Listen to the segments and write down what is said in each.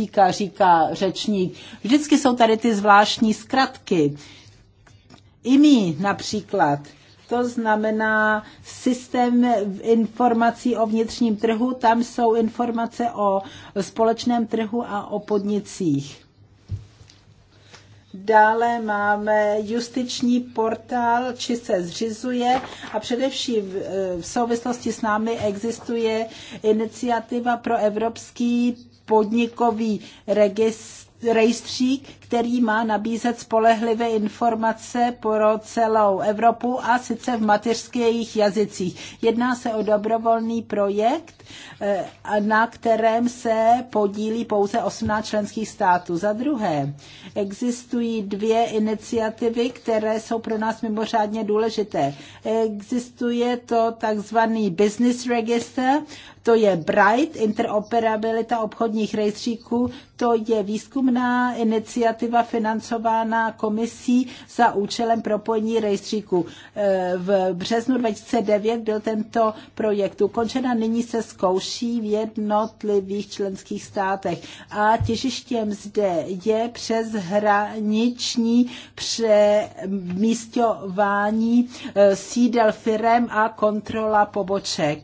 Říká, říká řečník. Vždycky jsou tady ty zvláštní zkratky. IMI například, to znamená systém informací o vnitřním trhu, tam jsou informace o společném trhu a o podnicích. Dále máme justiční portál, či se zřizuje a především v souvislosti s námi existuje iniciativa pro evropský podnikový registr, rejstřík, který má nabízet spolehlivé informace pro celou Evropu a sice v mateřských jazycích. Jedná se o dobrovolný projekt, eh, na kterém se podílí pouze 18 členských států. Za druhé, existují dvě iniciativy, které jsou pro nás mimořádně důležité. Existuje to takzvaný business register, to je Bright, interoperabilita obchodních rejstříků, to je výzkumná iniciativa, iniciativa financována komisí za účelem propojení rejstříku. E, v březnu 2009 byl tento projekt ukončen a nyní se zkouší v jednotlivých členských státech. A těžištěm zde je přes hraniční přemístování e, sídel firem a kontrola poboček e,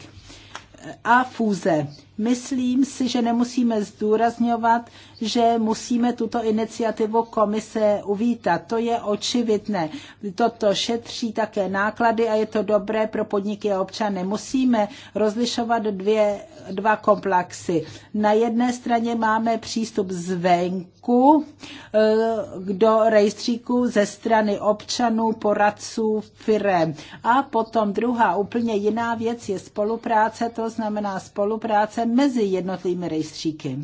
a fúze. Myslím si, že nemusíme zdůrazňovat, že musíme tuto iniciativu komise uvítat. To je očividné. Toto šetří také náklady a je to dobré pro podniky a občany. Musíme rozlišovat dvě, dva komplexy. Na jedné straně máme přístup zvenku eh, do rejstříku ze strany občanů, poradců, firem. A potom druhá úplně jiná věc je spolupráce, to znamená spolupráce mezi jednotlivými rejstříky.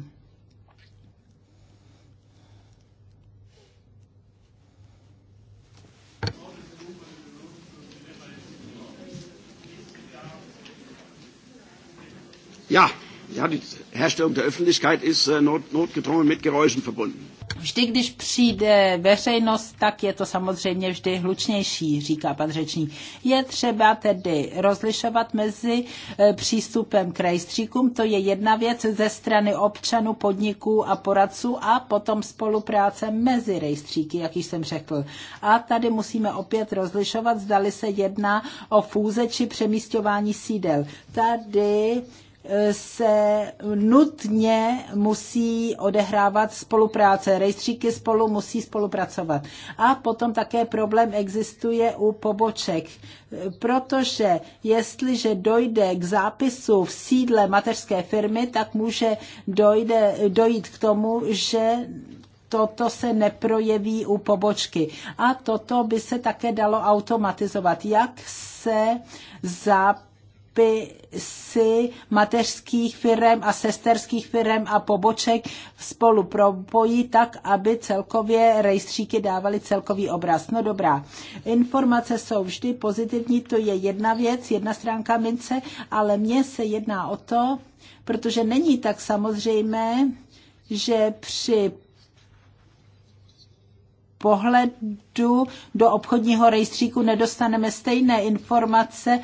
Ja, ja, die Herstellung der Öffentlichkeit ist äh, not, notgedrungen mit Geräuschen verbunden. Vždy, když přijde veřejnost, tak je to samozřejmě vždy hlučnější, říká pan řečník. Je třeba tedy rozlišovat mezi e, přístupem k rejstříkům, to je jedna věc ze strany občanů, podniků a poradců a potom spolupráce mezi rejstříky, jak již jsem řekl. A tady musíme opět rozlišovat, zdali se jedná o fůze či přemístování sídel. Tady se nutně musí odehrávat spolupráce. Rejstříky spolu musí spolupracovat. A potom také problém existuje u poboček, protože jestliže dojde k zápisu v sídle mateřské firmy, tak může dojde, dojít k tomu, že toto se neprojeví u pobočky. A toto by se také dalo automatizovat. Jak se zápis dopisy mateřských firm a sesterských firm a poboček spolu propojí tak, aby celkově rejstříky dávaly celkový obraz. No dobrá, informace jsou vždy pozitivní, to je jedna věc, jedna stránka mince, ale mně se jedná o to, protože není tak samozřejmé, že při pohledu do obchodního rejstříku nedostaneme stejné informace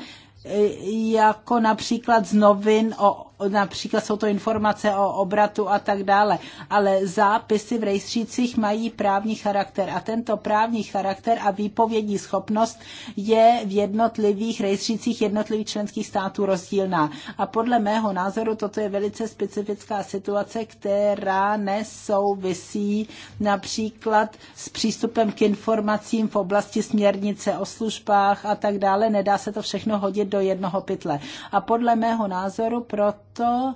jako například z novin o například jsou to informace o obratu a tak dále, ale zápisy v rejstřících mají právní charakter a tento právní charakter a výpovědní schopnost je v jednotlivých rejstřících jednotlivých členských států rozdílná. A podle mého názoru toto je velice specifická situace, která nesouvisí například s přístupem k informacím v oblasti směrnice o službách a tak dále. Nedá se to všechno hodit do jednoho pytle. A podle mého názoru pro proto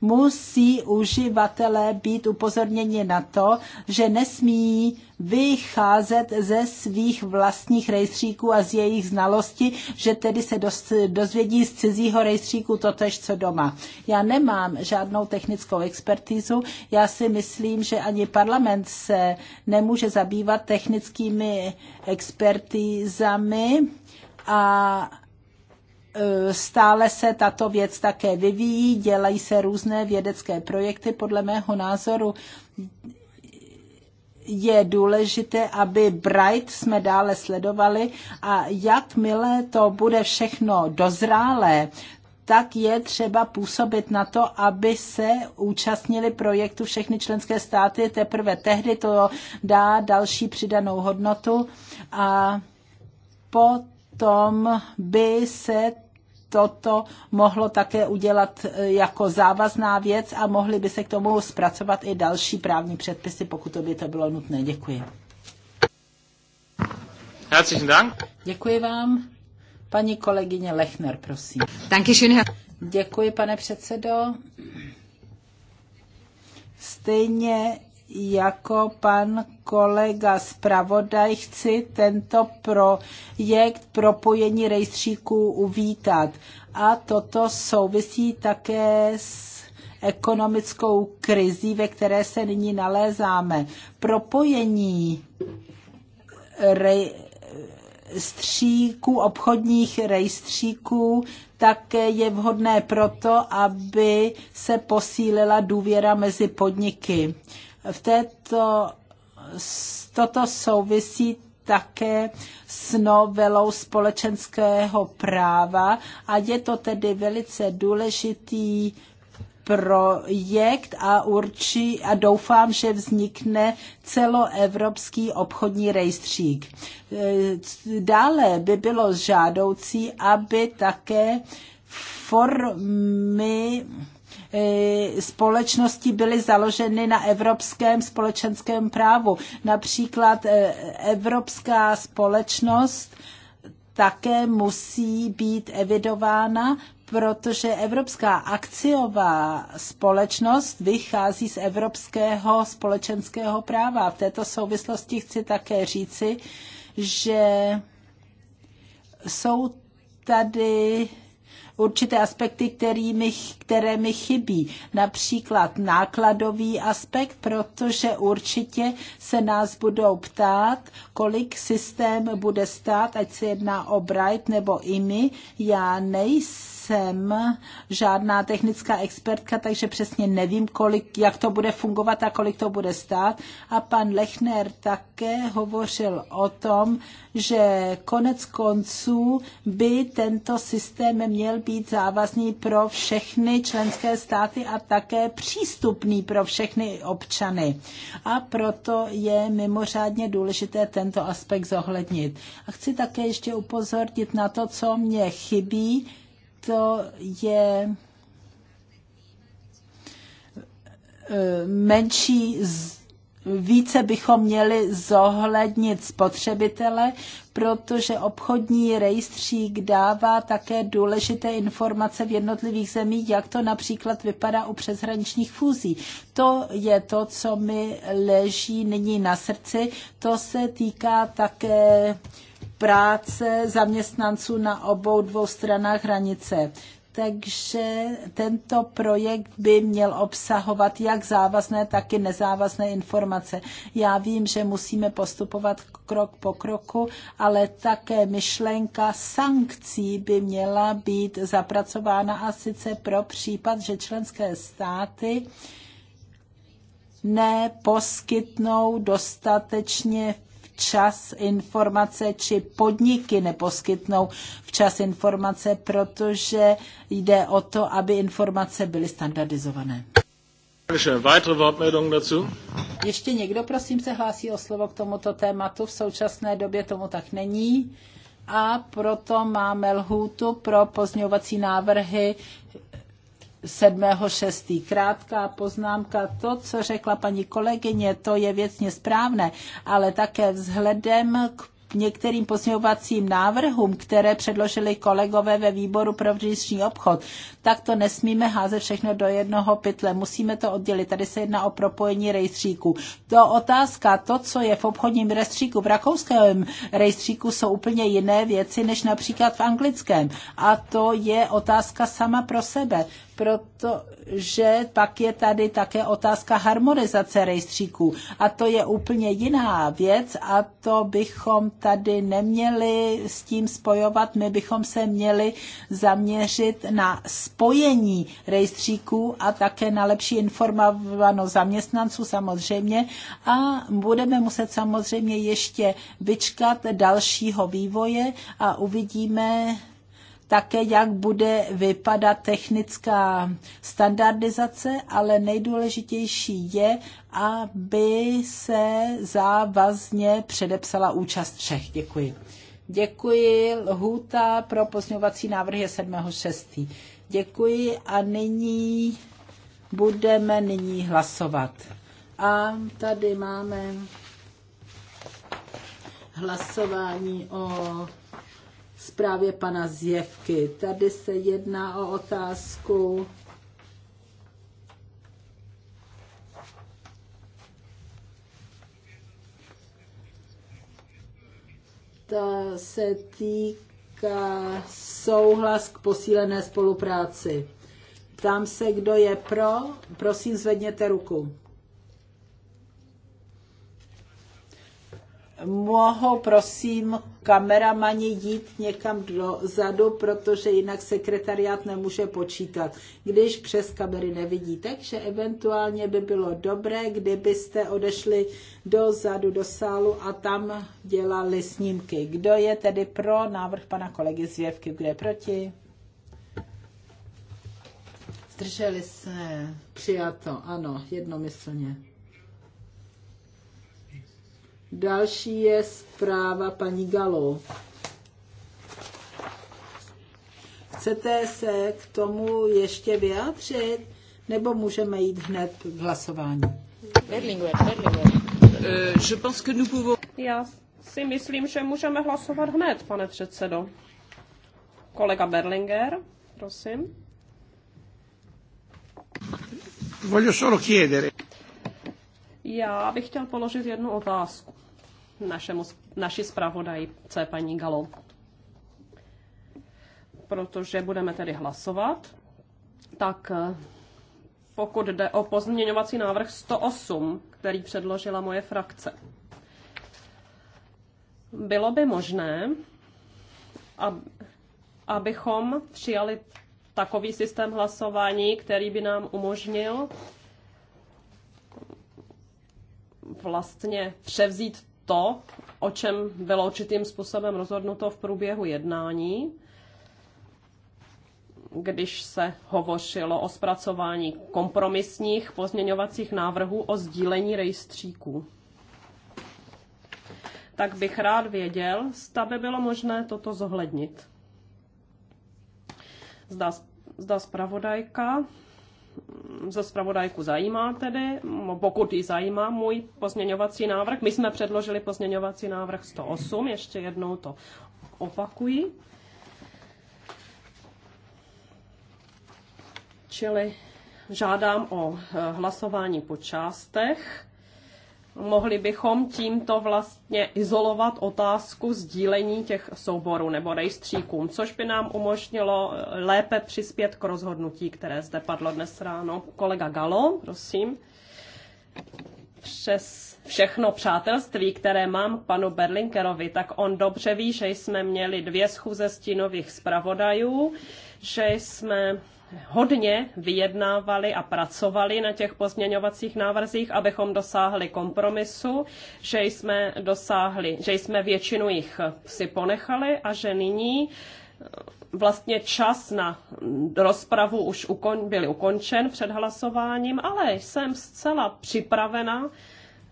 musí uživatelé být upozorněni na to, že nesmí vycházet ze svých vlastních rejstříků a z jejich znalosti, že tedy se dozvědí z cizího rejstříku totež, co doma. Já nemám žádnou technickou expertízu, já si myslím, že ani parlament se nemůže zabývat technickými expertízami a Eh, stále se tato věc také vyvíjí, dělají se různé vědecké projekty. Podle mého názoru je důležité, aby Bright jsme dále sledovali a jakmile to bude všechno dozrálé, tak je třeba působit na to, aby se účastnili projektu všechny členské státy. Teprve tehdy to dá další přidanou hodnotu a potom by se toto mohlo také udělat eh, jako závazná věc a mohly by se k tomu zpracovat i další právní předpisy, pokud to by to bylo nutné. Děkuji. Herzlichen Dank. Děkuji vám. Paní kolegyně Lechner, prosím. Dankeschön, Děkuji, pane předsedo. Stejně jako pan kolega zpravodaj chci tento projekt propojení rejstříků uvítat. A toto souvisí také s ekonomickou krizí, ve které se nyní nalézáme. Propojení rejstříků, obchodních rejstříků, také je vhodné proto, aby se posílila důvěra mezi podniky v této, toto souvisí také s novelou společenského práva a je to tedy velice důležitý projekt a určí a doufám, že vznikne celoevropský obchodní rejstřík. Dále by bylo žádoucí, aby také formy E, společnosti byly založeny na evropském společenském právu. Například e, evropská společnost také musí být evidována, protože Evropská akciová společnost vychází z evropského společenského práva. V této souvislosti chci také říci, že jsou tady určité aspekty, kterými, které mi chybí. Například nákladový aspekt, protože určitě se nás budou ptát, kolik systém bude stát, ať se jedná o Bright nebo IMI. Já nejsem nejsem žádná technická expertka, takže přesně nevím, kolik, jak to bude fungovat a kolik to bude stát. A pan Lechner také hovořil o tom, že konec konců by tento systém měl být závazný pro všechny členské státy a také přístupný pro všechny občany. A proto je mimořádně důležité tento aspekt zohlednit. A chci také ještě upozornit na to, co mě chybí to je e, menší více bychom měli zohlednit spotřebitele, protože obchodní rejstřík dává také důležité informace v jednotlivých zemích, jak to například vypadá u přeshraničních fúzí. To je to, co mi leží nyní na srdci. To se týká také práce zaměstnanců na obou dvou stranách hranice. Takže tento projekt by měl obsahovat jak závazné, tak i nezávazné informace. Já vím, že musíme postupovat krok po kroku, ale také myšlenka sankcí by měla být zapracována a sice pro případ, že členské státy neposkytnou dostatečně včas informace či podniky neposkytnou včas informace, protože jde o to, aby informace byly standardizované. Ještě někdo, prosím, se hlásí o slovo k tomuto tématu. V současné době tomu tak není a proto máme lhůtu pro pozňovací návrhy 7.6. Krátká poznámka, to, co řekla paní kolegyně, to je věcně správné, ale také vzhledem k některým posměvovacím návrhům, které předložili kolegové ve výboru pro vnitřní obchod, tak to nesmíme házet všechno do jednoho pytle. Musíme to oddělit. Tady se jedná o propojení rejstříků. To otázka, to, co je v obchodním rejstříku, v rakouském rejstříku jsou úplně jiné věci, než například v anglickém. A to je otázka sama pro sebe protože pak je tady také otázka harmonizace rejstříků. A to je úplně jiná věc a to bychom tady neměli s tím spojovat, my bychom se měli zaměřit na spojení rejstříků a také na lepší informovanost zaměstnanců samozřejmě a budeme muset samozřejmě ještě vyčkat dalšího vývoje a uvidíme, také jak bude vypadat technická standardizace, ale nejdůležitější je, aby se závazně předepsala účast všech. Děkuji. Děkuji. Lhůta pro pozměňovací návrh je 7.6. Děkuji a nyní budeme nyní hlasovat. A tady máme hlasování o zprávě pana Zjevky. Tady se jedná o otázku Ta se týká souhlas k posílené spolupráci. Ptám se, kdo je pro. Prosím, zvedněte ruku. mohou prosím kameramani jít někam dozadu, protože jinak sekretariát nemůže počítat, když přes kamery nevidí. Takže eventuálně by bylo dobré, kdybyste odešli dozadu do sálu a tam dělali snímky. Kdo je tedy pro návrh pana kolegy Zvěvky, kdo je proti? Zdrželi se. Přijato, ano, jednomyslně. Další je zpráva paní Galo. Chcete se k tomu ještě vyjádřit? Nebo můžeme jít hned k hlasování? Eh, Já si myslím, že můžeme hlasovat hned, pane předsedo. Kolega Berlinger, prosím. Já bych chtěl položit jednu otázku našemu, naši zpravodajce paní Galo. Protože budeme tedy hlasovat, tak eh, pokud jde o pozměňovací návrh 108, který předložila moje frakce. Bylo by možné, abychom přijali takový systém hlasování, který by nám umožnil vlastně převzít to, o čem bylo určitým způsobem rozhodnuto v průběhu jednání, když se hovořilo o zpracování kompromisních pozměňovacích návrhů o sdílení rejstříků. Tak bych rád věděl, zda by bylo možné toto zohlednit. Zda, zda zpravodajka za zpravodajku zajímá tedy, no, pokud ji zajímá můj pozměňovací návrh. My jsme předložili pozměňovací návrh 108, ještě jednou to opakuji. Čili žádám o eh, hlasování po částech mohli bychom tímto vlastně izolovat otázku sdílení těch souborů nebo rejstříků, což by nám umožnilo eh, lépe přispět k rozhodnutí, které zde padlo dnes ráno. Kolega Galo, prosím. Přes všechno přátelství, které mám k panu Berlinkerovi, tak on dobře ví, že jsme měli dvě schůze stínových zpravodajů, že jsme hodně vyjednávali a pracovali na těch pozměňovacích návrzích, abychom dosáhli kompromisu, že jsme dosáhli, že jsme většinu jich si ponechali a že nyní eh, vlastně čas na rozpravu už ukon, byl ukončen před hlasováním, ale jsem zcela připravena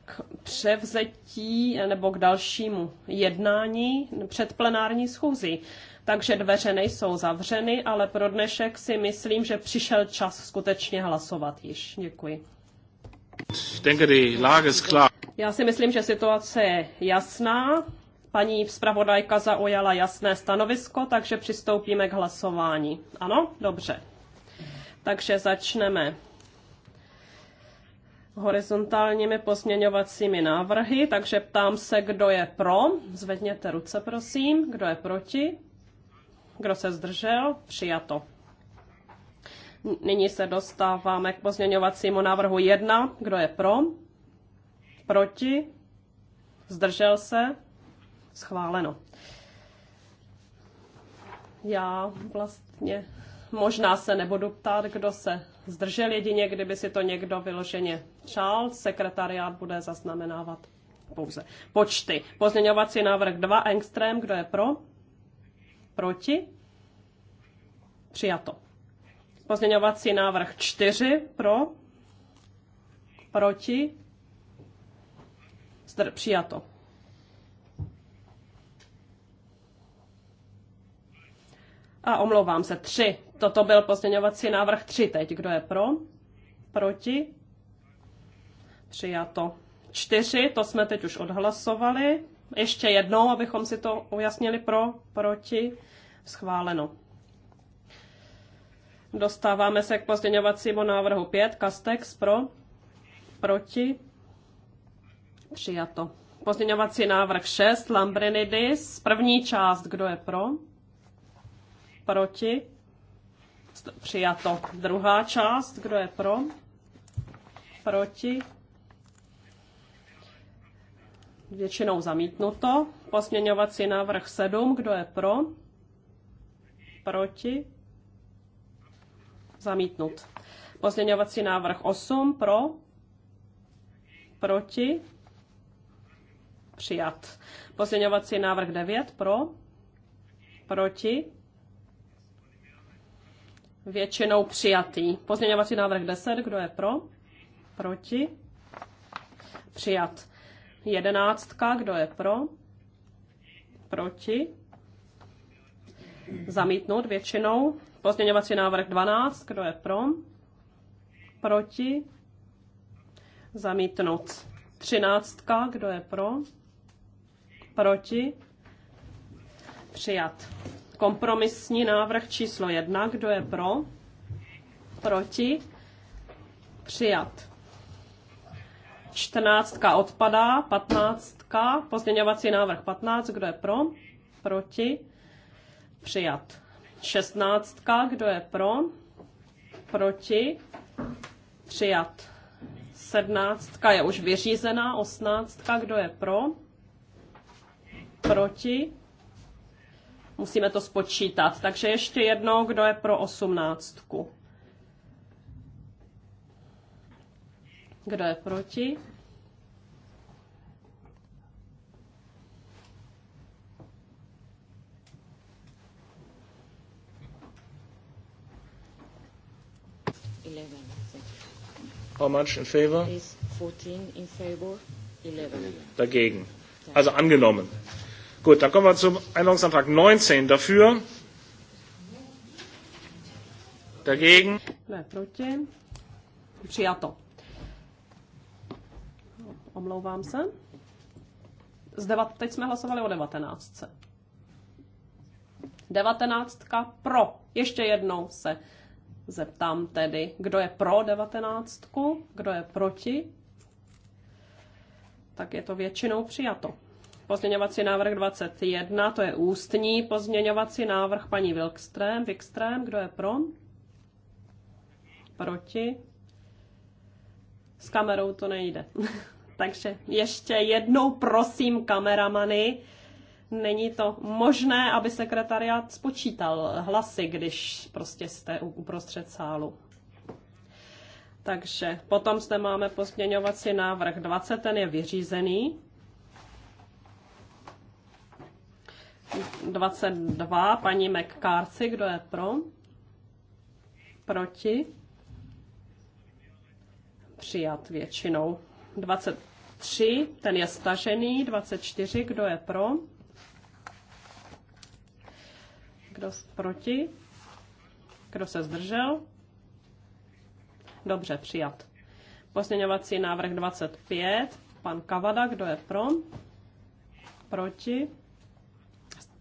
k převzetí nebo k dalšímu jednání před plenární schůzí. Takže dveře nejsou zavřeny, ale pro dnešek si myslím, že přišel čas skutečně hlasovat již. Děkuji. Já si myslím, že situace je jasná. Paní zpravodajka zaujala jasné stanovisko, takže přistoupíme k hlasování. Ano? Dobře. Takže začneme horizontálními pozměňovacími návrhy, takže ptám se, kdo je pro. Zvedněte ruce, prosím. Kdo je proti? Kdo se zdržel? Přijato. Nyní se dostáváme k pozměňovacímu návrhu 1. Kdo je pro? Proti? Zdržel se? Schváleno. Já vlastně možná se nebudu ptát, kdo se zdržel jedině, kdyby si to někdo vyloženě přál. Sekretariát bude zaznamenávat pouze počty. Pozměňovací návrh 2, Engström, kdo je pro? Proti? Přijato. Pozměňovací návrh 4 pro, proti, Zdr- přijato. A omlouvám se, 3. Toto byl pozměňovací návrh 3 teď. Kdo je pro? Proti? Přijato. 4, to jsme teď už odhlasovali ještě jednou, abychom si to ujasnili pro, proti, schváleno. Dostáváme se k pozměňovacímu návrhu 5, Kastex pro, proti, přijato. Pozměňovací návrh 6, Lambrinidis, první část, kdo je pro, proti, přijato. Druhá část, kdo je pro, proti, většinou zamítnuto. Pozměňovací návrh 7, kdo je pro? Proti? Zamítnut. Pozměňovací návrh 8, pro? Proti? Přijat. Pozměňovací návrh 9, pro? Proti? Většinou přijatý. Pozměňovací návrh 10, kdo je pro? Proti? Přijat. Jedenáctka, kdo je pro? Proti? Zamítnout většinou. Pozměňovací návrh 12, kdo je pro? Proti? Zamítnout. Třináctka, kdo je pro? Proti? Přijat. Kompromisní návrh číslo 1, kdo je pro? Proti? Přijat. 14 odpadá, 15, pozměňovací návrh 15, kdo je pro, proti, přijat. 16, kdo je pro, proti, přijat. 17 je už vyřízená, 18, kdo je pro, proti, musíme to spočítat. Takže ještě jednou, kdo je pro 18. Kdo je proti? How much in favor? Is 14 in favor, 11. Dagegen. Also angenommen. Gut, dann kommen wir zum Änderungsantrag 19. Dafür? Dagegen? Ne, proti. Přijato. Omlouvám se. Z devat, teď jsme hlasovali o devatenáctce. Devatenáctka pro. Ještě jednou se zeptám tedy, kdo je pro devatenáctku, kdo je proti. Tak je to většinou přijato. Pozměňovací návrh 21, to je ústní pozměňovací návrh paní Wilkström. Wilkström, kdo je pro? Proti? S kamerou to nejde. Takže ještě jednou prosím kameramany, není to možné, aby sekretariat spočítal hlasy, když prostě jste uprostřed sálu. Takže potom zde máme pozměňovací návrh 20, ten je vyřízený. 22, paní McCarthy, kdo je pro? Proti? Přijat většinou. 20, 23, ten je stažený, 24, kdo je pro? Kdo proti? Kdo se zdržel? Dobře, přijat. Pozměňovací návrh 25, pan Kavada, kdo je pro? Proti?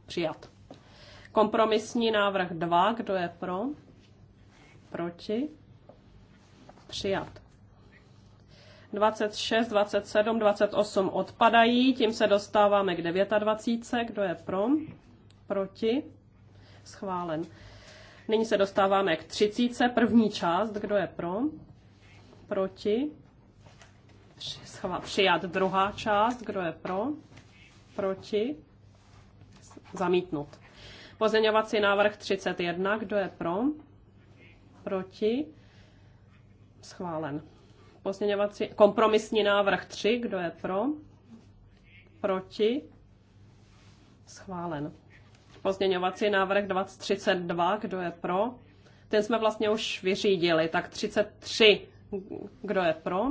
Přijat. Kompromisní návrh 2, kdo je pro? Proti? Přijat. 26, 27, 28 odpadají, tím se dostáváme k 29. Kdo je pro? Proti? Schválen. Nyní se dostáváme k 30. První část. Kdo je pro? Proti? Přijat druhá část. Kdo je pro? Proti? Zamítnut. Pozměňovací návrh 31. Kdo je pro? Proti? Schválen. Pozměňovací, kompromisní návrh 3, kdo je pro? Proti? Schválen. Pozměňovací návrh 2032, kdo je pro? Ten jsme vlastně už vyřídili, tak 33, kdo je pro?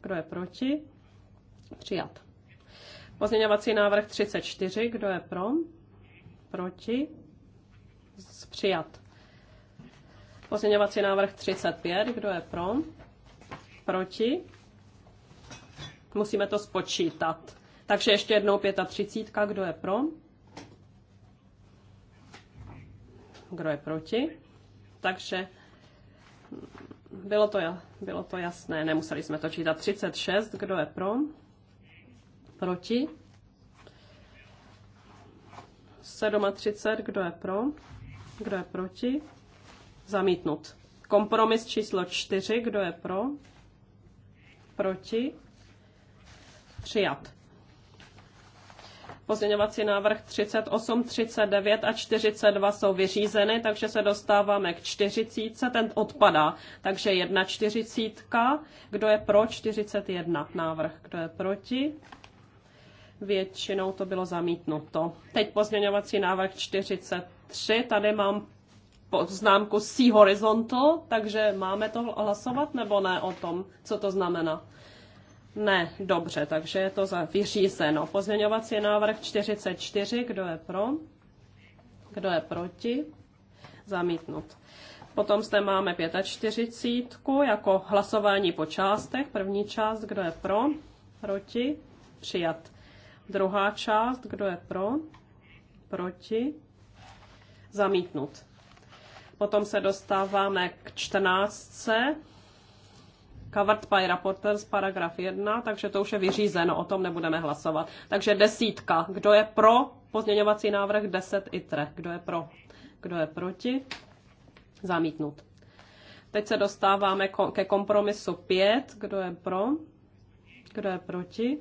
Kdo je proti? Přijat. Pozměňovací návrh 34, kdo je pro? Proti? Přijat. Pozměňovací návrh 35, kdo je pro? proti. Musíme to spočítat. Takže ještě jednou 35, kdo je pro? Kdo je proti? Takže bylo to, bylo to jasné, nemuseli jsme to čítat. 36, kdo je pro? Proti? 37, kdo je pro? Kdo je proti? Zamítnut. Kompromis číslo 4, kdo je pro? Proti? Přijat. Pozměňovací návrh 38, 39 a 42 jsou vyřízeny, takže se dostáváme k 40, ten odpadá. Takže 1 40, kdo je pro 41 návrh, kdo je proti? Většinou to bylo zamítnuto. Teď pozměňovací návrh 43, tady mám známku C Horizontal, takže máme to hlasovat nebo ne o tom, co to znamená? Ne, dobře, takže je to za vyřízeno. Pozměňovací návrh 44, kdo je pro? Kdo je proti? Zamítnut. Potom zde máme 45 jako hlasování po částech. První část, kdo je pro? Proti? Přijat. Druhá část, kdo je pro? Proti? Zamítnut. Potom se dostáváme k 14. Covered by Reporters, paragraf 1, takže to už je vyřízeno, o tom nebudeme hlasovat. Takže desítka. Kdo je pro pozměňovací návrh 10 3, Kdo je pro? Kdo je proti? Zamítnut. Teď se dostáváme ke kompromisu 5. Kdo je pro? Kdo je proti?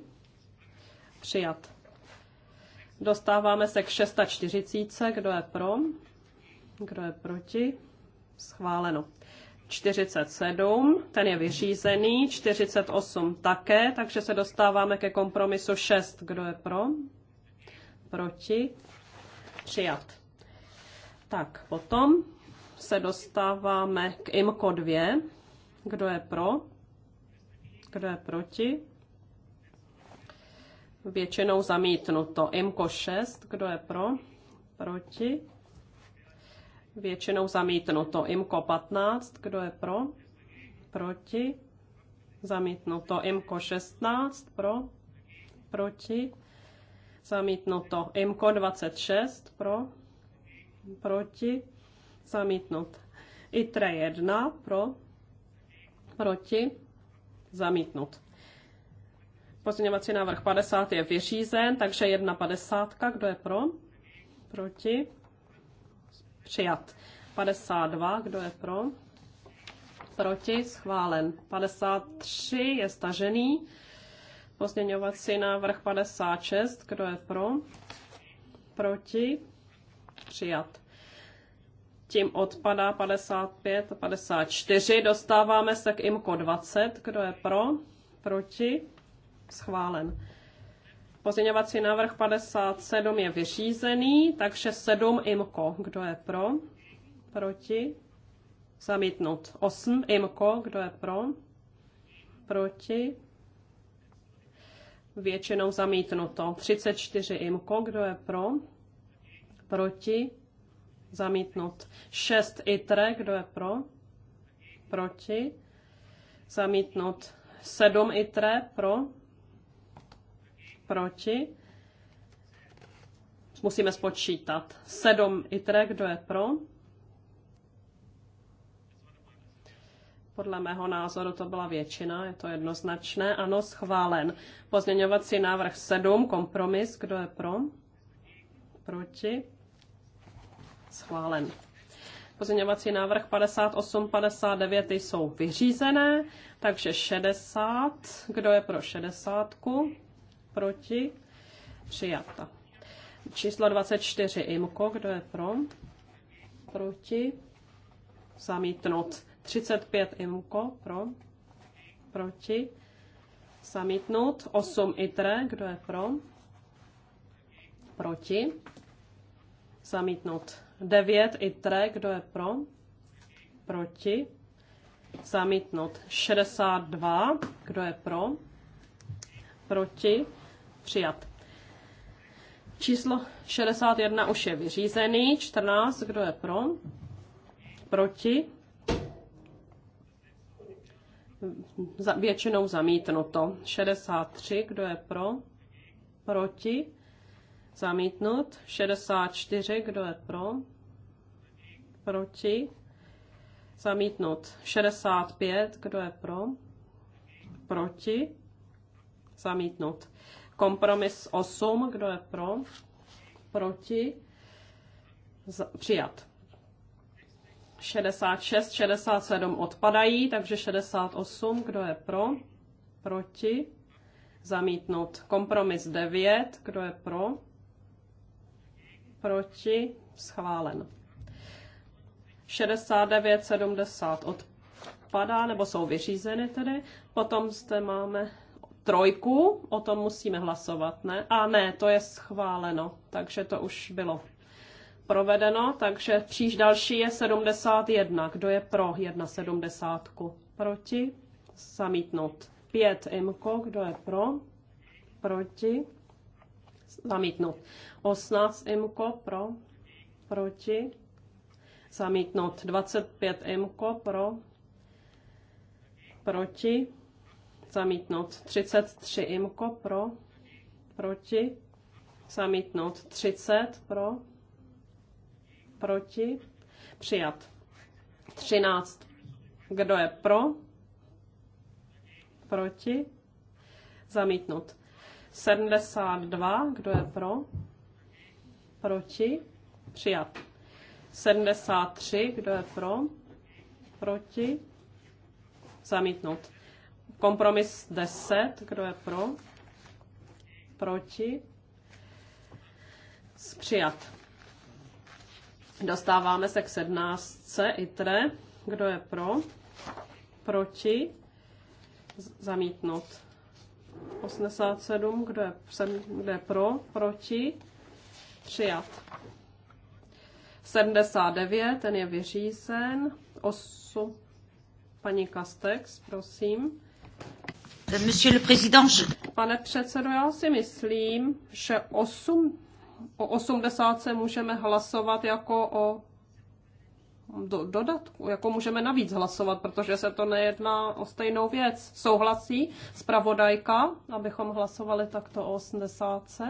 Přijat. Dostáváme se k 640. Kdo je pro? Kdo je proti? Schváleno. 47, ten je vyřízený, 48 také, takže se dostáváme ke kompromisu 6. Kdo je pro? Proti? Přijat. Tak, potom se dostáváme k IMKO 2. Kdo je pro? Kdo je proti? Většinou zamítnuto. IMKO 6. Kdo je pro? Proti? Většinou zamítnuto. IMKO 15, kdo je pro? Proti. Zamítnuto. IMKO 16, pro? Proti. Zamítnuto. IMKO 26, pro? Proti. Zamítnut. ITRE 1, pro? Proti. Zamítnut. Pozměňovací návrh 50 je vyřízen, takže 1,50. Kdo je pro? Proti? Přijat. 52, kdo je pro? Proti, schválen. 53 je stažený. Pozměňovací návrh 56, kdo je pro? Proti, přijat. Tím odpadá 55 a 54. Dostáváme se k IMKO 20. Kdo je pro? Proti? Schválen. Pozměňovací návrh 57 je vyřízený, takže 7 imko. Kdo je pro? Proti? Zamítnut. 8 imko. Kdo je pro? Proti? Většinou zamítnuto. 34 imko. Kdo je pro? Proti? Zamítnut. 6 itre. Kdo je pro? Proti? Zamítnut. 7 itre. Pro? proti. Musíme spočítat. sedm itre, kdo je pro. Podle mého názoru to byla většina, je to jednoznačné. Ano, schválen. Pozměňovací návrh 7, kompromis, kdo je pro? Proti? Schválen. Pozměňovací návrh 58, 59 jsou vyřízené, takže 60. Kdo je pro 60? proti, přijata. Číslo 24 IMKO, kdo je pro, proti, zamítnut. 35 IMKO, pro, proti, zamítnut. 8 ITRE, kdo je pro, proti, zamítnut. 9 ITRE, kdo je pro, proti, zamítnut. 62, kdo je pro, proti, Přijat. Číslo 61 už je vyřízený. 14, kdo je pro? Proti? Za, většinou zamítnuto. 63, kdo je pro? Proti? Zamítnut. 64, kdo je pro? Proti? Zamítnut. 65, kdo je pro? Proti? Zamítnut. Kompromis 8, kdo je pro? Proti? Z, Přijat. 66, 67 odpadají, takže 68, kdo je pro? Proti? Zamítnout. Kompromis 9, kdo je pro? Proti? Schválen. 69, 70 odpadá, nebo jsou vyřízeny tedy. Potom zde máme trojku, o tom musíme hlasovat, ne? A ne, to je schváleno, takže to už bylo provedeno, takže příž další je 71. Kdo je pro 1,70? Proti? Zamítnout. 5 Imko, kdo je pro? Proti? Zamítnout. 18 Imko, pro? Proti? Zamítnout. 25 Imko, pro? Proti? zamítnout. 33 imko pro, proti, zamítnout. 30 pro, proti, přijat. 13. Kdo je pro? Proti? zamítnout 72. Kdo je pro? Proti? Přijat. 73. Kdo je pro? Proti? zamítnout Kompromis 10, kdo je pro? Proti? Přijat. Dostáváme se k 17. ITRE. Kdo je pro? Proti? Zamítnout. 87. Kdo je, sem, kdo je pro? Proti? Přijat. 79. Ten je vyřízen. 8. Paní Kastex, prosím. Pane předsedo, já si myslím, že 8, o 80 můžeme hlasovat jako o do, dodatku, jako můžeme navíc hlasovat, protože se to nejedná o stejnou věc. Souhlasí zpravodajka, abychom hlasovali takto o 80.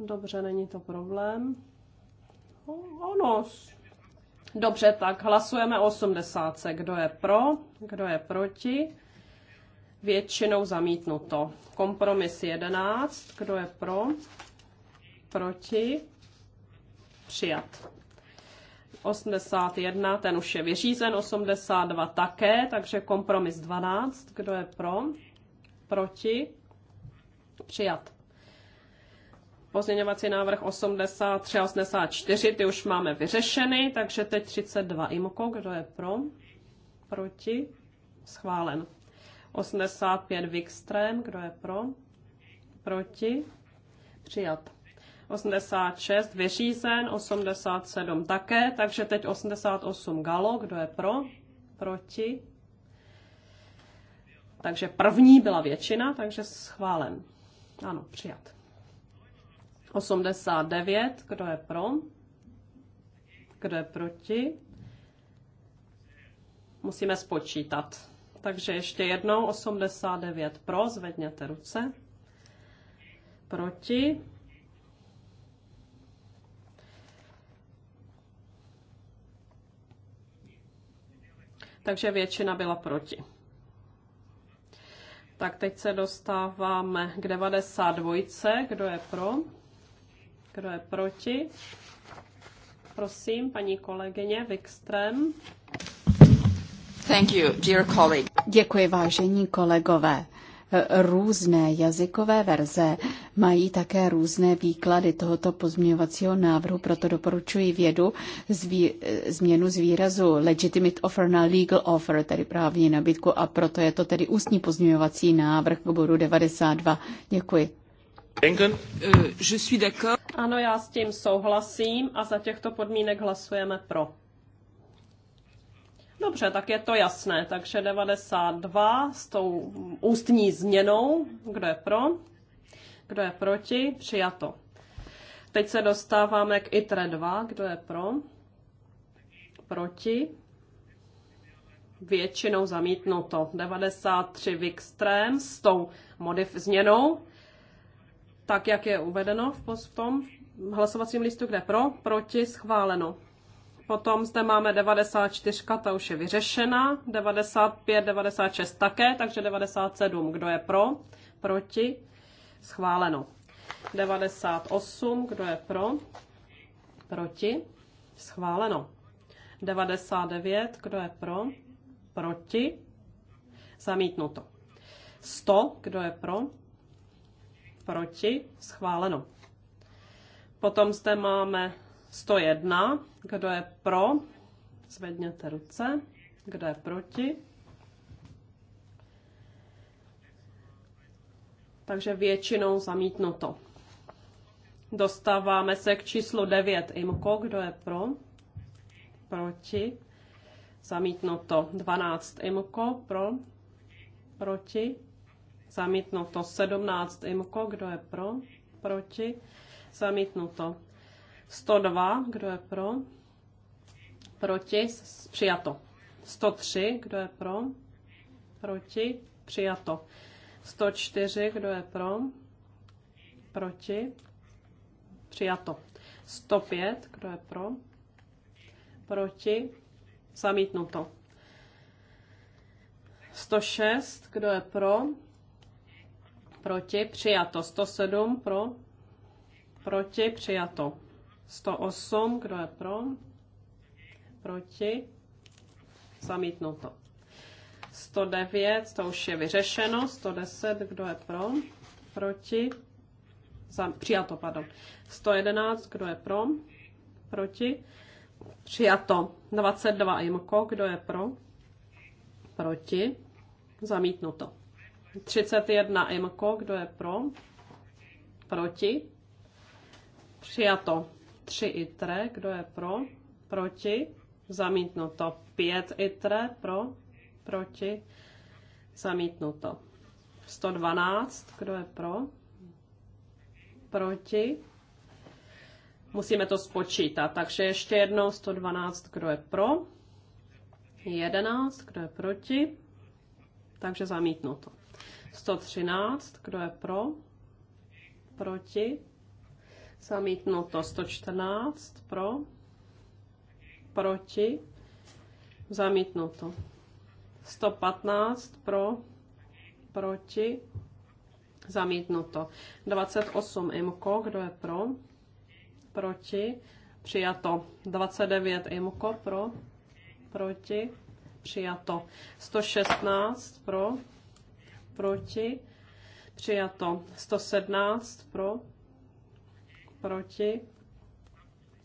Dobře, není to problém. Ono, Dobře, tak hlasujeme o 80. Kdo je pro, kdo je proti? většinou zamítnuto. Kompromis 11, kdo je pro, proti, přijat. 81, ten už je vyřízen, 82 také, takže kompromis 12, kdo je pro, proti, přijat. Pozměňovací návrh 83 a 84, ty už máme vyřešeny, takže teď 32 IMKO, kdo je pro, proti, schválen. 85 Wikström, kdo je pro? Proti? Přijat. 86 vyřízen, 87 také, takže teď 88 Galo, kdo je pro? Proti? Takže první byla většina, takže schválen. Ano, přijat. 89, kdo je pro? Kdo je proti? Musíme spočítat takže ještě jednou 89 pro, zvedněte ruce. Proti. Takže většina byla proti. Tak teď se dostáváme k 92. Kdo je pro? Kdo je proti? Prosím, paní kolegyně Wikström. Thank you, dear colleague. Děkuji, vážení kolegové. Různé jazykové verze mají také různé výklady tohoto pozměňovacího návrhu, proto doporučuji vědu zví, změnu z výrazu legitimate offer na legal offer, tedy právní nabídku, a proto je to tedy ústní pozměňovací návrh k bodu 92. Děkuji. Uh, ano, já s tím souhlasím a za těchto podmínek hlasujeme pro. Dobře, tak je to jasné. Takže 92 s tou ústní změnou. Kdo je pro? Kdo je proti? Přijato. Teď se dostáváme k ITRE 2. Kdo je pro? Proti? Většinou zamítnuto. 93 Wikström s tou modif změnou. Tak, jak je uvedeno v, v tom hlasovacím listu, kde pro, proti, schváleno. Potom zde máme 94, ta už je vyřešena, 95, 96 také, takže 97, kdo je pro, proti, schváleno. 98, kdo je pro, proti, schváleno. 99, kdo je pro, proti, zamítnuto. 100, kdo je pro, proti, schváleno. Potom zde máme 101, kdo je pro? Zvedněte ruce. Kdo je proti? Takže většinou zamítnuto. Dostáváme se k číslu 9 IMKO. Kdo je pro? Proti. Zamítnuto 12 IMKO. Pro? Proti. Zamítnuto 17 IMKO. Kdo je pro? Proti. Zamítnuto 102, kdo je pro? Proti, přijato. 103, kdo je pro? Proti, přijato. 104, kdo je pro? Proti, přijato. 105, kdo je pro? Proti, zamítnuto. 106, kdo je pro? Proti, přijato. 107, pro? Proti, přijato. 108, kdo je pro? Proti? Zamítnuto. 109, to už je vyřešeno. 110, kdo je pro? Proti? Zam, přijato, pardon. 111, kdo je pro? Proti? Přijato. 22, Imko, kdo je pro? Proti? Zamítnuto. 31, Imko, kdo je pro? Proti? Přijato. 3 itre, kdo je pro, proti, zamítnuto. 5 itre, pro, proti, zamítnuto. 112, kdo je pro, proti, musíme to spočítat. Takže ještě jednou 112, kdo je pro, 11, kdo je proti, takže zamítnuto. 113, kdo je pro, proti, Zamítnuto 114 pro, proti, zamítnuto. 115 pro, proti, zamítnuto. 28 imko, kdo je pro, proti, přijato. 29 imko pro, proti, přijato. 116 pro, proti, přijato. 117 pro, proti,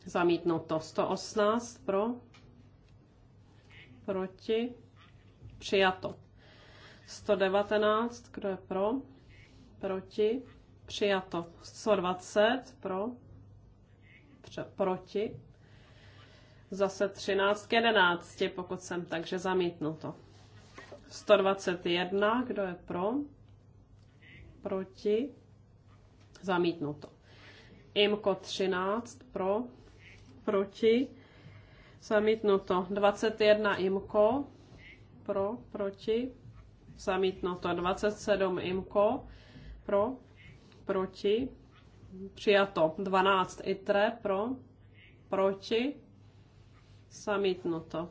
zamítnuto 118 pro, proti, přijato. 119, kdo je pro, proti, přijato. 120 pro, pře, proti, zase 13 k 11, pokud jsem, takže zamítnuto. 121, kdo je pro, proti, zamítnuto. IMKO 13 pro, proti, zamítnuto 21 IMKO pro, proti, zamítnuto 27 IMKO pro, proti, přijato 12 ITRE pro, proti, zamítnuto.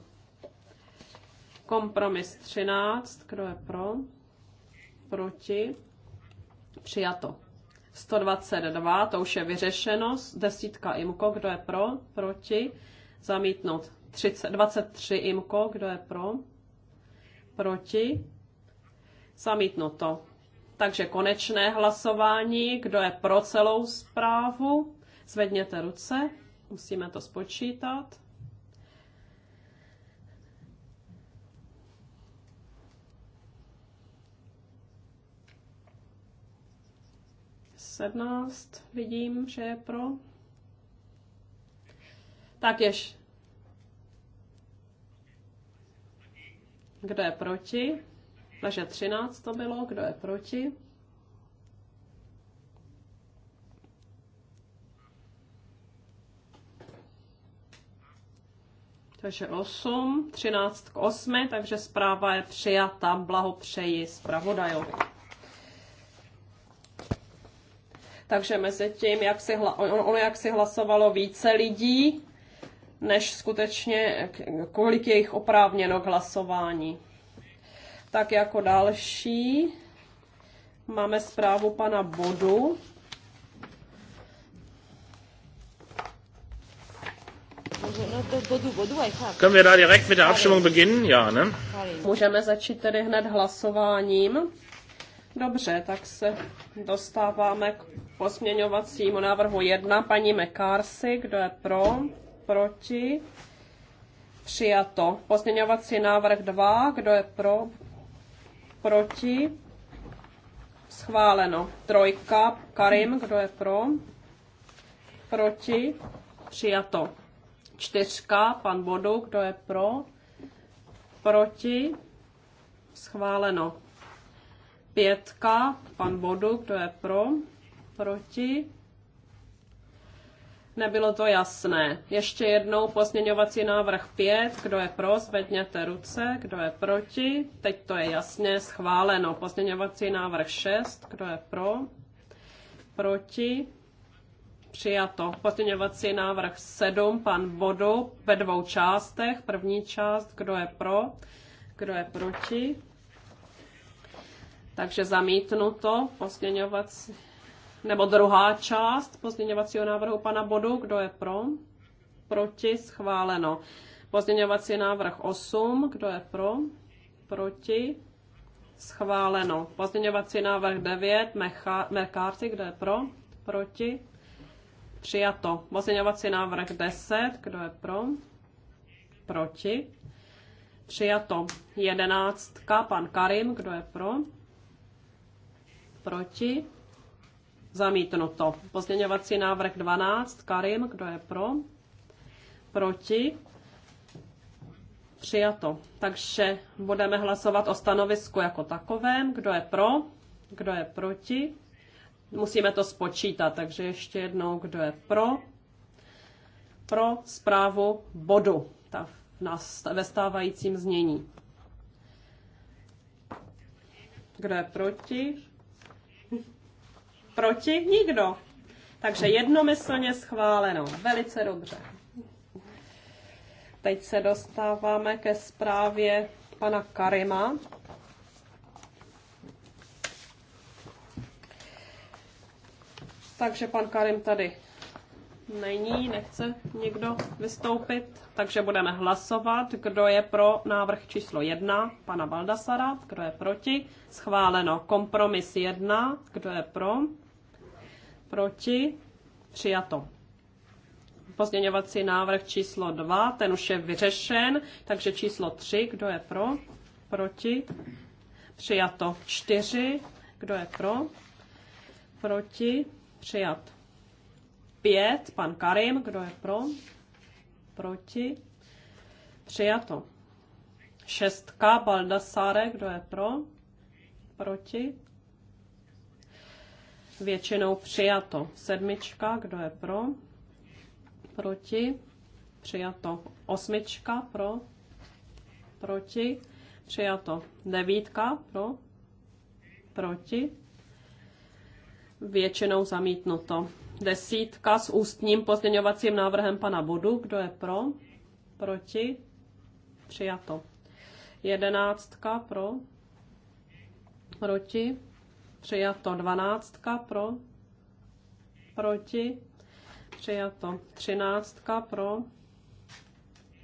Kompromis 13, kdo je pro, proti, přijato. 122, to už je vyřešeno. Desítka IMKO, kdo je pro, proti. Zamítnout 30, 23 IMKO, kdo je pro, proti. zamítnout to. Takže konečné hlasování, kdo je pro celou zprávu, zvedněte ruce, musíme to spočítat. 17 vidím, že je pro. Tak jež. Kdo je proti? Takže 13 to bylo, kdo je proti? Takže 8, 13 k 8, takže zpráva je přijata. Blahopřeji zpravodajovi. Takže mezi tím, jak si hla, on, ono jak si hlasovalo více lidí, než skutečně kolik je jich oprávněno k hlasování. Tak jako další máme zprávu pana Bodu. No, Können wir da direkt mit der Abstimmung beginnen? Ja, ne? Můžeme začít tedy hned hlasováním. Dobře, tak se dostáváme k pozměňovacímu návrhu 1 paní McCarthy. Kdo je pro? Proti? Přijato. Pozměňovací návrh 2. Kdo je pro? Proti? Schváleno. Trojka. Karim. Kdo je pro? Proti? Přijato. Čtyřka. Pan Bodu. Kdo je pro? Proti? Schváleno. Pětka. Pan Bodu. Kdo je pro? proti. Nebylo to jasné. Ještě jednou pozměňovací návrh 5. Kdo je pro, zvedněte ruce. Kdo je proti? Teď to je jasně schváleno. Pozměňovací návrh 6. Kdo je pro? Proti? Přijato. Pozměňovací návrh 7. Pan Bodu ve dvou částech. První část. Kdo je pro? Kdo je proti? Takže zamítnuto. Pozměňovací nebo druhá část pozměňovacího návrhu pana Bodu. Kdo je pro? Proti? Schváleno. Pozměňovací návrh 8. Kdo je pro? Proti? Schváleno. Pozměňovací návrh 9. McCarthy. Kdo je pro? Proti? Přijato. Pozměňovací návrh 10. Kdo je pro? Proti? Přijato. Jedenáctka. Pan Karim. Kdo je pro? Proti? Zamítnuto. Pozměňovací návrh 12. Karim, kdo je pro? Proti? Přijato. Takže budeme hlasovat o stanovisku jako takovém. Kdo je pro? Kdo je proti? Musíme to spočítat, takže ještě jednou, kdo je pro? Pro zprávu bodu ta ve stávajícím znění. Kdo je proti? Proti? Nikdo. Takže jednomyslně schváleno. Velice dobře. Teď se dostáváme ke zprávě pana Karima. Takže pan Karim tady není, nechce někdo vystoupit, takže budeme hlasovat, kdo je pro návrh číslo jedna? pana Baldasara, kdo je proti, schváleno kompromis jedna. kdo je pro, proti, přijato. Pozměňovací návrh číslo 2, ten už je vyřešen, takže číslo 3, kdo je pro, proti, přijato. 4, kdo je pro, proti, přijat. 5, pan Karim, kdo je pro, proti, přijato. 6, Baldasare, kdo je pro, proti, většinou přijato. Sedmička, kdo je pro? Proti? Přijato. Osmička pro? Proti? Přijato. Devítka pro? Proti? Většinou zamítnuto. Desítka s ústním pozměňovacím návrhem pana Bodu. Kdo je pro? Proti? Přijato. Jedenáctka pro? Proti? Přijato 12 pro, proti. Přijato 13 pro,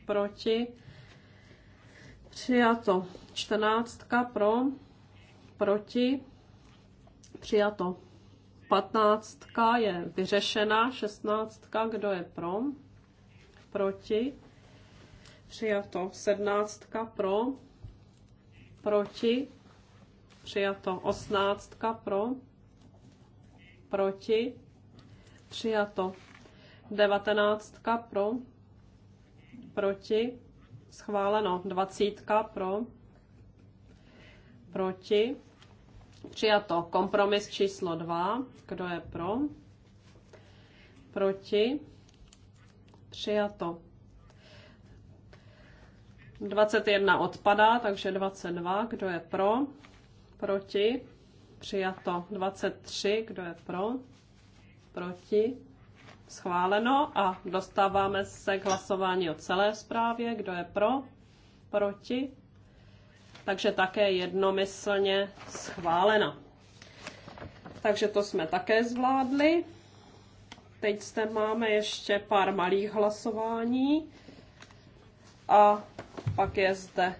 proti. Přijato 14 pro, proti. Přijato 15 je vyřešena, 16 kdo je pro, proti. Přijato 17 pro, proti přijato. 18 pro, proti, přijato. 19 pro, proti, schváleno. 20 pro, proti, přijato. Kompromis číslo 2, kdo je pro, proti, přijato. 21 odpadá, takže 22, kdo je pro, proti, přijato 23, kdo je pro, proti, schváleno a dostáváme se k hlasování o celé zprávě, kdo je pro, proti, takže také jednomyslně schválena. Takže to jsme také zvládli. Teď zde máme ještě pár malých hlasování a pak je zde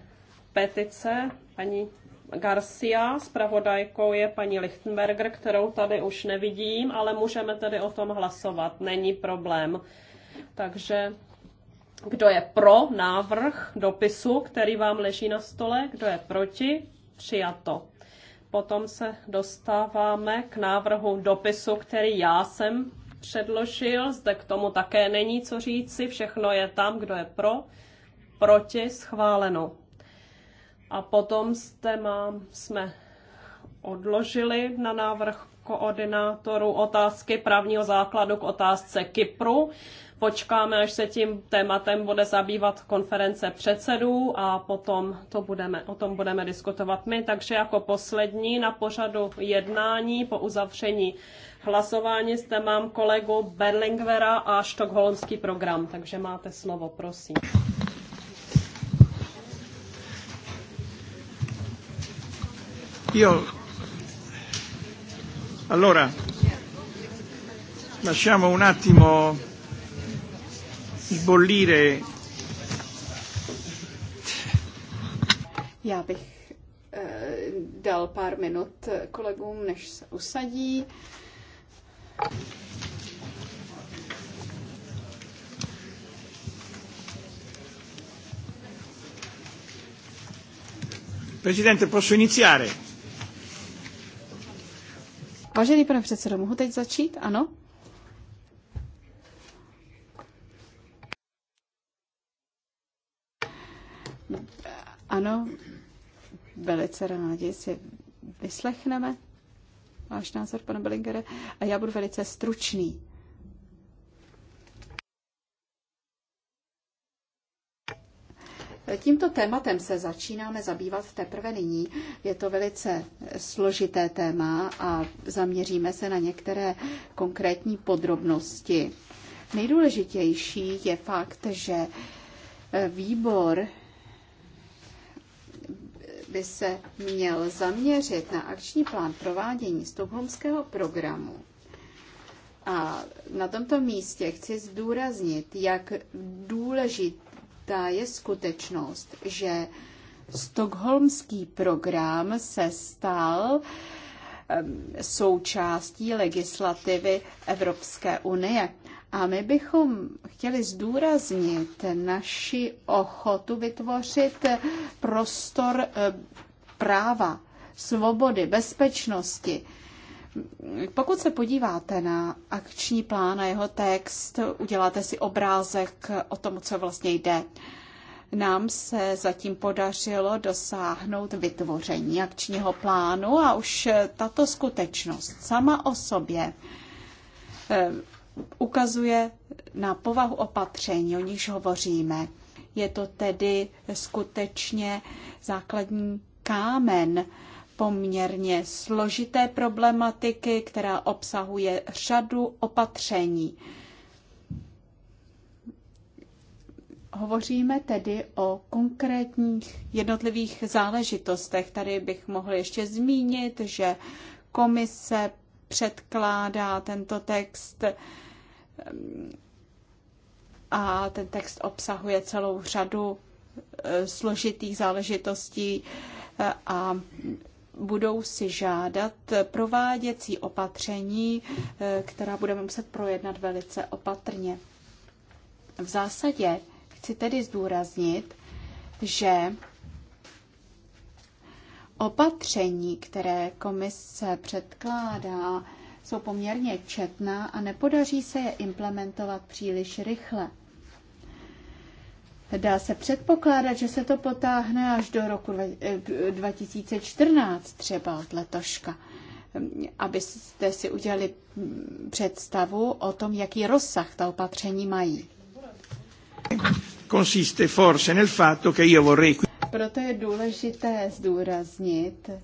petice paní Garcia, zpravodajkou je paní Lichtenberger, kterou tady už nevidím, ale můžeme tedy o tom hlasovat, není problém. Takže kdo je pro návrh dopisu, který vám leží na stole, kdo je proti, přijato. Potom se dostáváme k návrhu dopisu, který já jsem předložil. Zde k tomu také není co říci, všechno je tam, kdo je pro, proti, schváleno. A potom jste mám, jsme odložili na návrh koordinátorů otázky právního základu k otázce Kypru. Počkáme, až se tím tématem bude zabývat konference předsedů a potom to budeme, o tom budeme diskutovat my. Takže jako poslední na pořadu jednání po uzavření hlasování jste mám kolegu Berlingvera a štokholmský program. Takže máte slovo, prosím. Io allora lasciamo un attimo sbollire. Já bych eh, dal pár minut kolegům, než se usadí. Presidente, posso iniziare? Vážený pane předsedo, mohu teď začít? Ano? Ano, velice rádi si vyslechneme váš názor, pane Belingere. a já budu velice stručný. Tímto tématem se začínáme zabývat teprve nyní. Je to velice složité téma a zaměříme se na některé konkrétní podrobnosti. Nejdůležitější je fakt, že eh, výbor by se měl zaměřit na akční plán provádění stokholmského programu. A na tomto místě chci zdůraznit, jak důležitý ta je skutečnost, že stokholmský program se stal součástí legislativy Evropské unie. A my bychom chtěli zdůraznit naši ochotu vytvořit prostor práva, svobody, bezpečnosti, pokud se podíváte na akční plán a jeho text, uděláte si obrázek o tom, co vlastně jde. Nám se zatím podařilo dosáhnout vytvoření akčního plánu a už tato skutečnost sama o sobě eh, ukazuje na povahu opatření, o níž hovoříme. Je to tedy skutečně základní kámen poměrně složité problematiky, která obsahuje řadu opatření. Hovoříme tedy o konkrétních jednotlivých záležitostech. Tady bych mohl ještě zmínit, že komise předkládá tento text a ten text obsahuje celou řadu e, složitých záležitostí e, a budou si žádat prováděcí opatření, eh, která budeme muset projednat velice opatrně. V zásadě chci tedy zdůraznit, že opatření, které komise předkládá, jsou poměrně četná a nepodaří se je implementovat příliš rychle. Dá se předpokládat, že se to potáhne až do roku 2014 eh, třeba od letoška, mm, abyste si udělali mm, představu o tom, jaký rozsah ta opatření mají. Consiste forse nel fatto che io vorrei... Proto je důležité zdůraznit, eh,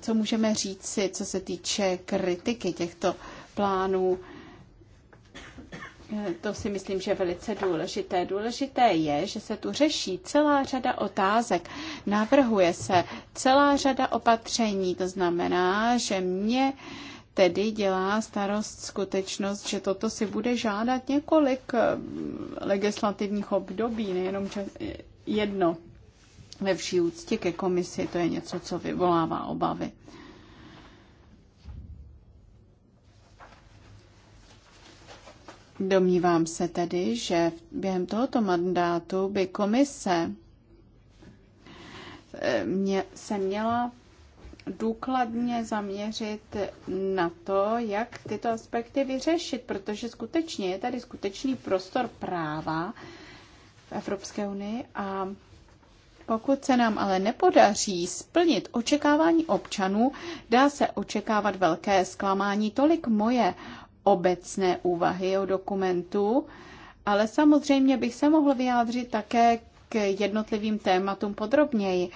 co můžeme říci, co se týče kritiky těchto plánů to si myslím, že je velice důležité. Důležité je, že se tu řeší celá řada otázek. Navrhuje se celá řada opatření. To znamená, že mě tedy dělá starost skutečnost, že toto si bude žádat několik eh, legislativních období, nejenom eh, jedno. Ve vší úctě ke komisi to je něco, co vyvolává obavy. Domnívám se tedy, že během tohoto mandátu by komise eh, mě, se měla důkladně zaměřit na to, jak tyto aspekty vyřešit, protože skutečně je tady skutečný prostor práva v Evropské unii a pokud se nám ale nepodaří splnit očekávání občanů, dá se očekávat velké zklamání. Tolik moje obecné úvahy o dokumentu, ale samozřejmě bych se mohl vyjádřit také k jednotlivým tématům podrobněji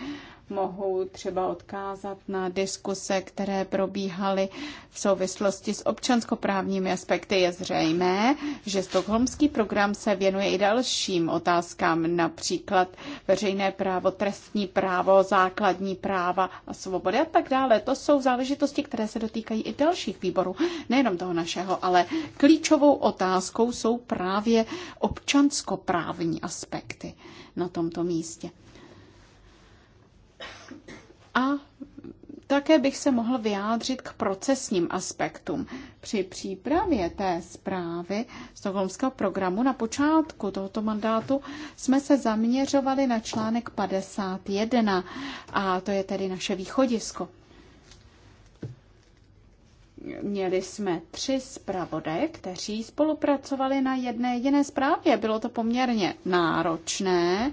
mohu třeba odkázat na diskuse, které probíhaly v souvislosti s občanskoprávními aspekty. Je zřejmé, že stokholmský program se věnuje i dalším otázkám, například veřejné právo, trestní právo, základní práva a svobody a tak dále. To jsou záležitosti, které se dotýkají i dalších výborů, nejenom toho našeho, ale klíčovou otázkou jsou právě občanskoprávní aspekty na tomto místě. A také bych se mohl vyjádřit k procesním aspektům. Při přípravě té zprávy Stockholmského programu na počátku tohoto mandátu jsme se zaměřovali na článek 51 a to je tedy naše východisko. Měli jsme tři zpravodaje, kteří spolupracovali na jedné jediné zprávě. Bylo to poměrně náročné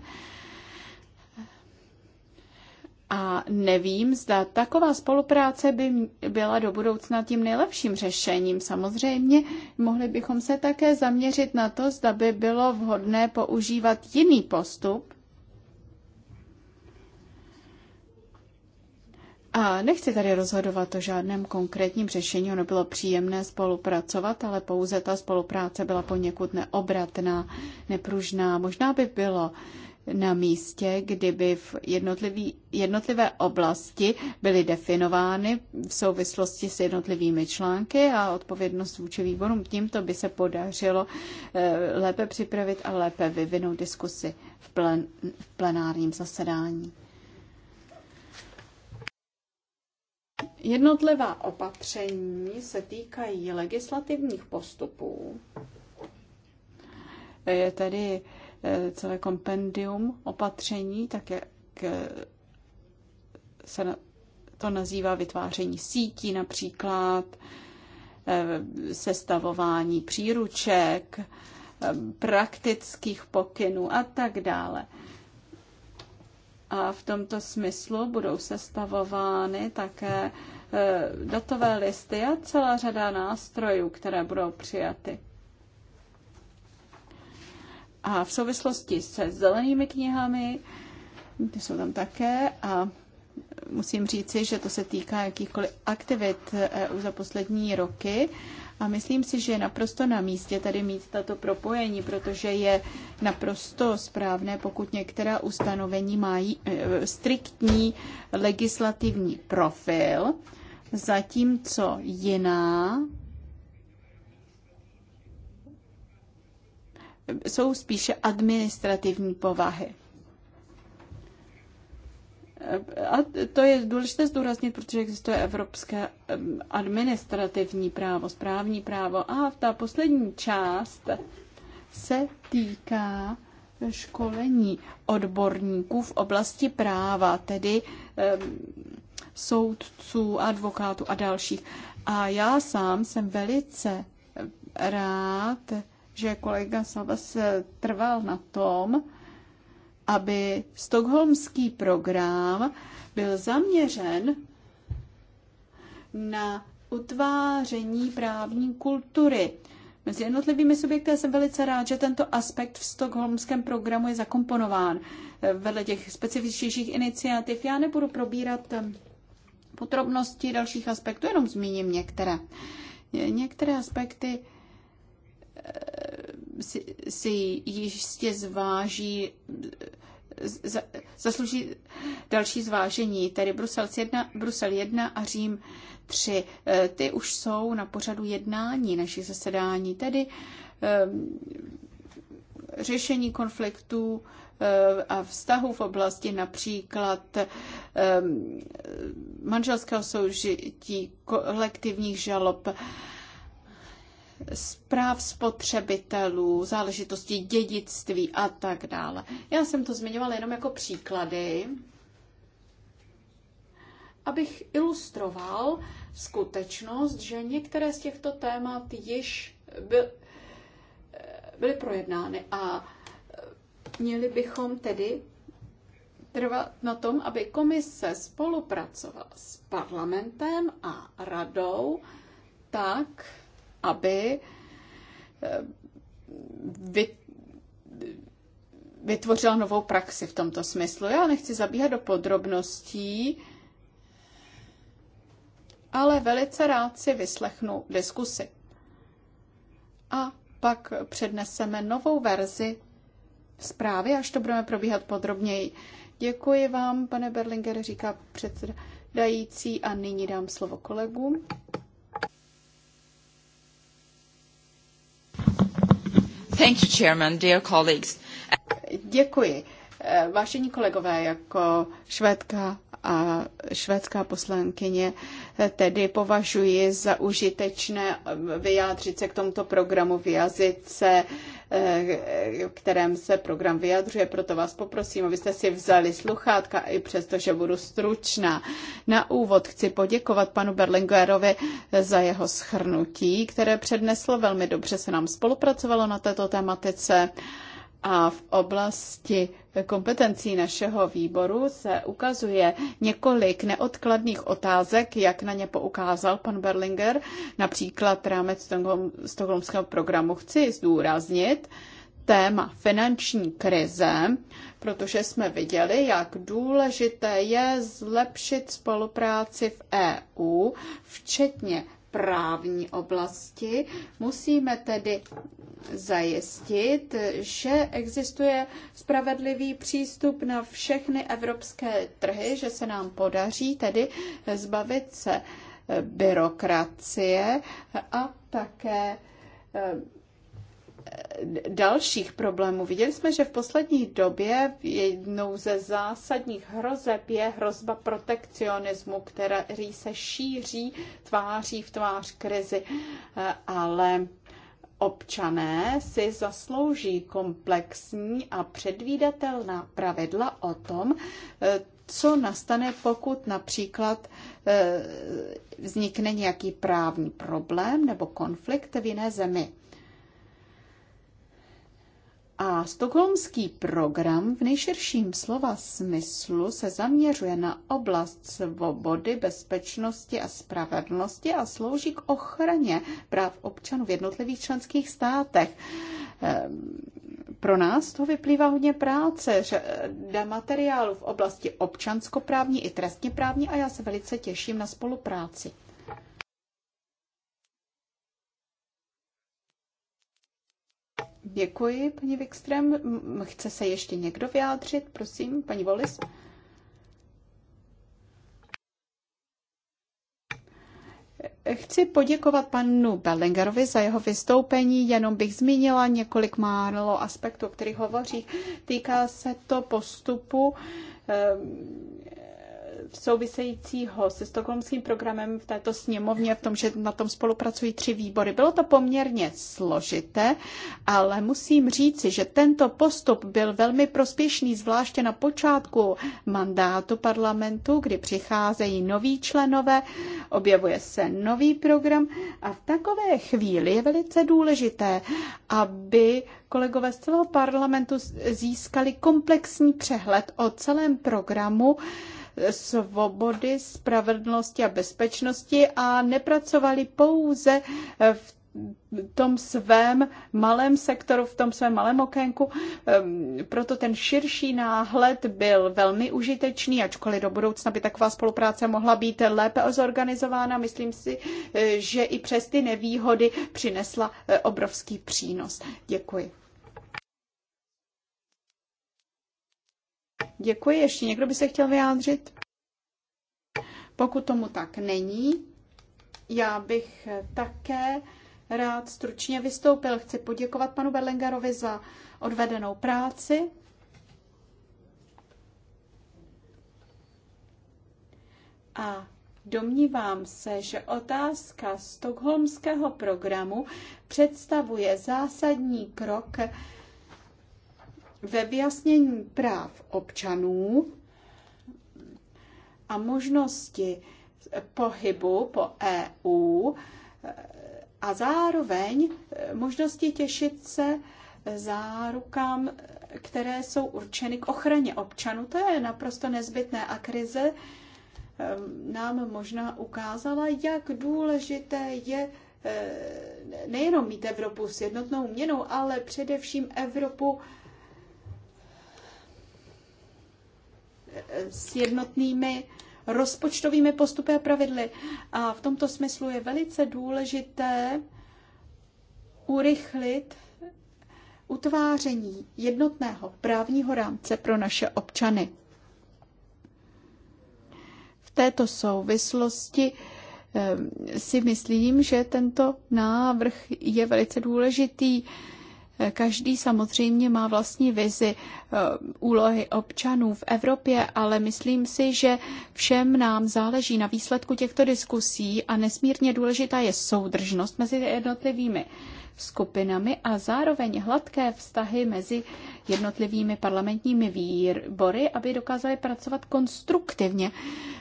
a nevím, zda taková spolupráce by byla do budoucna tím nejlepším řešením. Samozřejmě mohli bychom se také zaměřit na to, zda by bylo vhodné používat jiný postup. A nechci tady rozhodovat o žádném konkrétním řešení, ono bylo příjemné spolupracovat, ale pouze ta spolupráce byla poněkud neobratná, nepružná. Možná by bylo na místě, kdyby v jednotlivé oblasti byly definovány v souvislosti s jednotlivými články a odpovědnost vůči výborům. Tímto by se podařilo eh, lépe připravit a lépe vyvinout diskusy v, plen, v plenárním zasedání. Jednotlivá opatření se týkají legislativních postupů. Je tady Eh, celé kompendium opatření, tak jak eh, se to nazývá vytváření sítí například, eh, sestavování příruček, praktických pokynů a tak dále. A v tomto smyslu budou sestavovány také datové listy a celá řada nástrojů, které budou přijaty. A v souvislosti se zelenými knihami, ty jsou tam také a musím říci, že to se týká jakýchkoliv aktivit EU za poslední roky a myslím si, že je naprosto na místě tady mít tato propojení, protože je naprosto správné, pokud některá ustanovení mají e, striktní legislativní profil, zatímco jiná jsou spíše administrativní povahy. A to je důležité zdůraznit, protože existuje evropské administrativní právo, správní právo. A ta poslední část se týká školení odborníků v oblasti práva, tedy soudců, advokátů a dalších. A já sám jsem velice rád, že kolega Savas eh, trval na tom, aby stokholmský program byl zaměřen na utváření právní kultury. Mezi jednotlivými subjekty jsem velice rád, že tento aspekt v stokholmském programu je zakomponován eh, vedle těch specifičtějších iniciativ. Já nebudu probírat eh, podrobnosti dalších aspektů, jenom zmíním některé. Některé aspekty Eh, si, si jistě zváží, eh, za, zaslouží další zvážení. Tedy Brusel 1, Brusel 1 a Řím 3. Eh, ty už jsou na pořadu jednání našich zasedání, tedy řešení konfliktů a vztahu v oblasti například manželského soužití, kolektivních žalob zpráv spotřebitelů, záležitosti dědictví a tak dále. Já jsem to zmiňovala jenom jako příklady, abych ilustroval skutečnost, že některé z těchto témat již byl, byly projednány a měli bychom tedy trvat na tom, aby komise spolupracovala s parlamentem a radou tak, aby eh, vytvořila novou praxi v tomto smyslu. Já nechci zabíhat do podrobností, ale velice rád si vyslechnu diskusy. A pak předneseme novou verzi zprávy, až to budeme probíhat podrobněji. Děkuji vám, pane Berlinger, říká předsedající a nyní dám slovo kolegům. Thank you, Chairman, dear colleagues. Děkuji. Eh, vážení kolegové, jako švédka a švédská poslankyně, eh, tedy považuji za užitečné eh, vyjádřit se k tomuto programu, vyjádřit se Eh, kterém se program vyjadřuje. Proto vás poprosím, abyste si vzali sluchátka, i přesto, že budu stručná. Na úvod chci poděkovat panu Berlingerovi za jeho schrnutí, které předneslo Velmi dobře se nám spolupracovalo na této tématice a v oblasti kompetencí našeho výboru se ukazuje několik neodkladných otázek, jak na ně poukázal pan Berlinger, například rámec stokholmského programu. Chci zdůraznit téma finanční krize, protože jsme viděli, jak důležité je zlepšit spolupráci v EU, včetně právní oblasti. Musíme tedy zajistit, že existuje spravedlivý přístup na všechny evropské trhy, že se nám podaří tedy zbavit se byrokracie a také dalších problémů. Viděli jsme, že v poslední době jednou ze zásadních hrozeb je hrozba protekcionismu, který se šíří tváří v tvář krizi, ale Občané si zaslouží komplexní a předvídatelná pravidla o tom, co nastane, pokud například eh, vznikne nějaký právní problém nebo konflikt v jiné zemi. A stokholmský program v nejširším slova smyslu se zaměřuje na oblast svobody, bezpečnosti a spravedlnosti a slouží k ochraně práv občanů v jednotlivých členských státech. Ehm, pro nás to vyplývá hodně práce, řada eh, materiálu v oblasti občanskoprávní i trestněprávní právní a já se velice těším na spolupráci. Děkuji, paní Wikström. Chce se ještě někdo vyjádřit? Prosím, paní Volis. Chci poděkovat panu Bellingerovi za jeho vystoupení, jenom bych zmínila několik málo aspektů, o kterých hovoří. Týká se to postupu ehm, souvisejícího se stokholmským programem v této sněmovně, v tom, že na tom spolupracují tři výbory. Bylo to poměrně složité, ale musím říci, že tento postup byl velmi prospěšný, zvláště na počátku mandátu parlamentu, kdy přicházejí noví členové, objevuje se nový program a v takové chvíli je velice důležité, aby kolegové z celého parlamentu získali komplexní přehled o celém programu, svobody, spravedlnosti a bezpečnosti a nepracovali pouze v tom svém malém sektoru, v tom svém malém okénku. Ehm, proto ten širší náhled byl velmi užitečný, ačkoliv do budoucna by taková spolupráce mohla být lépe zorganizována. Myslím si, eh, že i přes ty nevýhody přinesla eh, obrovský přínos. Děkuji. Děkuji. Ještě někdo by se chtěl vyjádřit? Pokud tomu tak není, já bych také rád stručně vystoupil. Chci poděkovat panu Berlingarovi za odvedenou práci. A domnívám se, že otázka stokholmského programu představuje zásadní krok ve vyjasnění práv občanů a možnosti pohybu po EU a zároveň možnosti těšit se zárukám, které jsou určeny k ochraně občanů. To je naprosto nezbytné a krize ehm, nám možná ukázala, jak důležité je eh, nejenom mít Evropu s jednotnou měnou, ale především Evropu s jednotnými rozpočtovými postupy a pravidly. A v tomto smyslu je velice důležité urychlit utváření jednotného právního rámce pro naše občany. V této souvislosti eh, si myslím, že tento návrh je velice důležitý. Každý samozřejmě má vlastní vizi eh, úlohy občanů v Evropě, ale myslím si, že všem nám záleží na výsledku těchto diskusí a nesmírně důležitá je soudržnost mezi jednotlivými skupinami a zároveň hladké vztahy mezi jednotlivými parlamentními výbory, aby dokázali pracovat konstruktivně.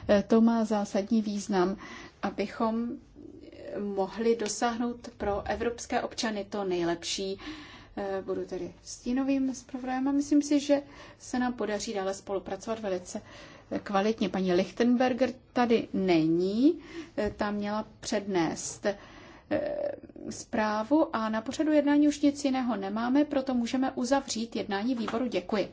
Eh, to má zásadní význam, abychom mohli dosáhnout pro evropské občany to nejlepší Eh, budu tedy stínovým zpravodajem a myslím si, že se nám podaří dále spolupracovat velice eh, kvalitně. Paní Lichtenberger tady není, eh, ta měla přednést zprávu a na pořadu jednání už nic jiného nemáme, proto můžeme uzavřít jednání výboru. Děkuji.